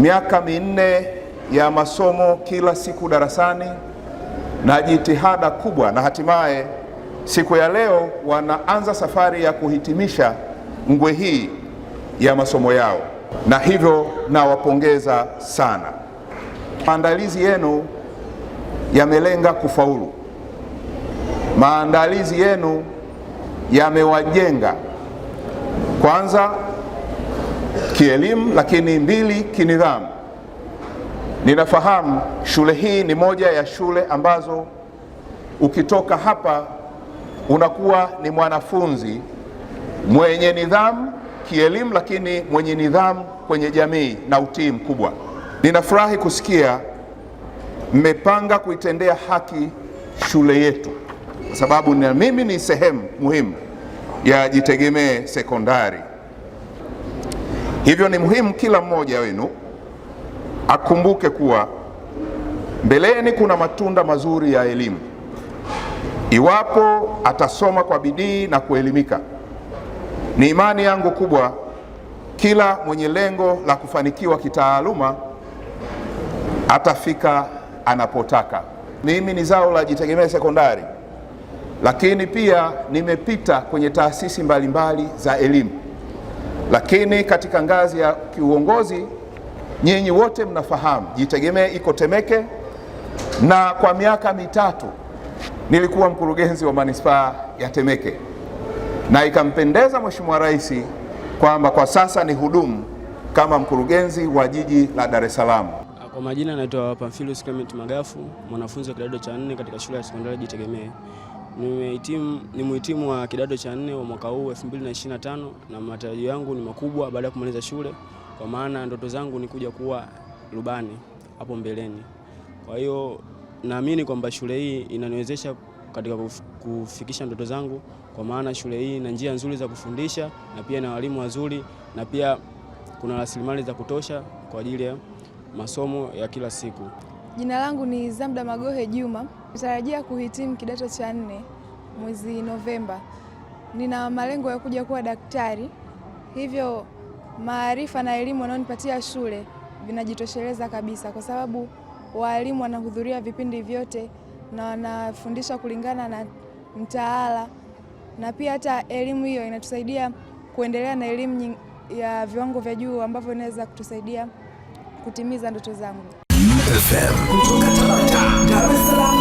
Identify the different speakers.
Speaker 1: miaka minne ya masomo kila siku darasani na jitihada kubwa, na hatimaye siku ya leo wanaanza safari ya kuhitimisha ngwe hii ya masomo yao, na hivyo nawapongeza sana. Maandalizi yenu yamelenga kufaulu, maandalizi yenu yamewajenga kwanza kielimu, lakini mbili kinidhamu. Ninafahamu shule hii ni moja ya shule ambazo ukitoka hapa unakuwa ni mwanafunzi mwenye nidhamu kielimu, lakini mwenye nidhamu kwenye jamii na utii mkubwa. Ninafurahi kusikia mmepanga kuitendea haki shule yetu, kwa sababu na mimi ni sehemu muhimu ya Jitegemee Sekondari. Hivyo ni muhimu kila mmoja wenu akumbuke kuwa mbeleni kuna matunda mazuri ya elimu iwapo atasoma kwa bidii na kuelimika. Ni imani yangu kubwa kila mwenye lengo la kufanikiwa kitaaluma atafika anapotaka. Mimi ni zao la Jitegemee Sekondari, lakini pia nimepita kwenye taasisi mbalimbali mbali za elimu. Lakini katika ngazi ya kiuongozi, nyinyi wote mnafahamu Jitegemee iko Temeke, na kwa miaka mitatu nilikuwa mkurugenzi wa manispaa ya Temeke, na ikampendeza Mheshimiwa Rais kwamba kwa sasa ni hudumu kama mkurugenzi wa jiji la Dar es Salaam.
Speaker 2: Kwa majina anaitwa Pamphilus Clement Magafu, mwanafunzi wa kidato cha nne katika shule ya sekondari Jitegemee. Nimehitimu, ni muhitimu wa kidato cha nne wa mwaka huu 2025 na matarajio yangu ni makubwa baada ya kumaliza shule, kwa maana ndoto zangu ni kuja kuwa rubani hapo mbeleni. Kwa hiyo naamini kwamba shule hii inaniwezesha katika kufikisha ndoto zangu, kwa maana shule hii ina njia nzuri za kufundisha na pia na walimu wazuri na pia kuna rasilimali za kutosha kwa ajili ya masomo ya kila siku.
Speaker 3: Jina langu ni Zamda Magohe Juma, natarajia kuhitimu kidato cha nne mwezi Novemba. Nina malengo ya kuja kuwa daktari, hivyo maarifa na elimu wanayonipatia shule vinajitosheleza kabisa, kwa sababu waalimu wanahudhuria vipindi vyote na wanafundisha kulingana na mtaala, na pia hata elimu hiyo inatusaidia kuendelea na elimu ya viwango vya juu ambavyo inaweza kutusaidia kutimiza ndoto zangu. FM.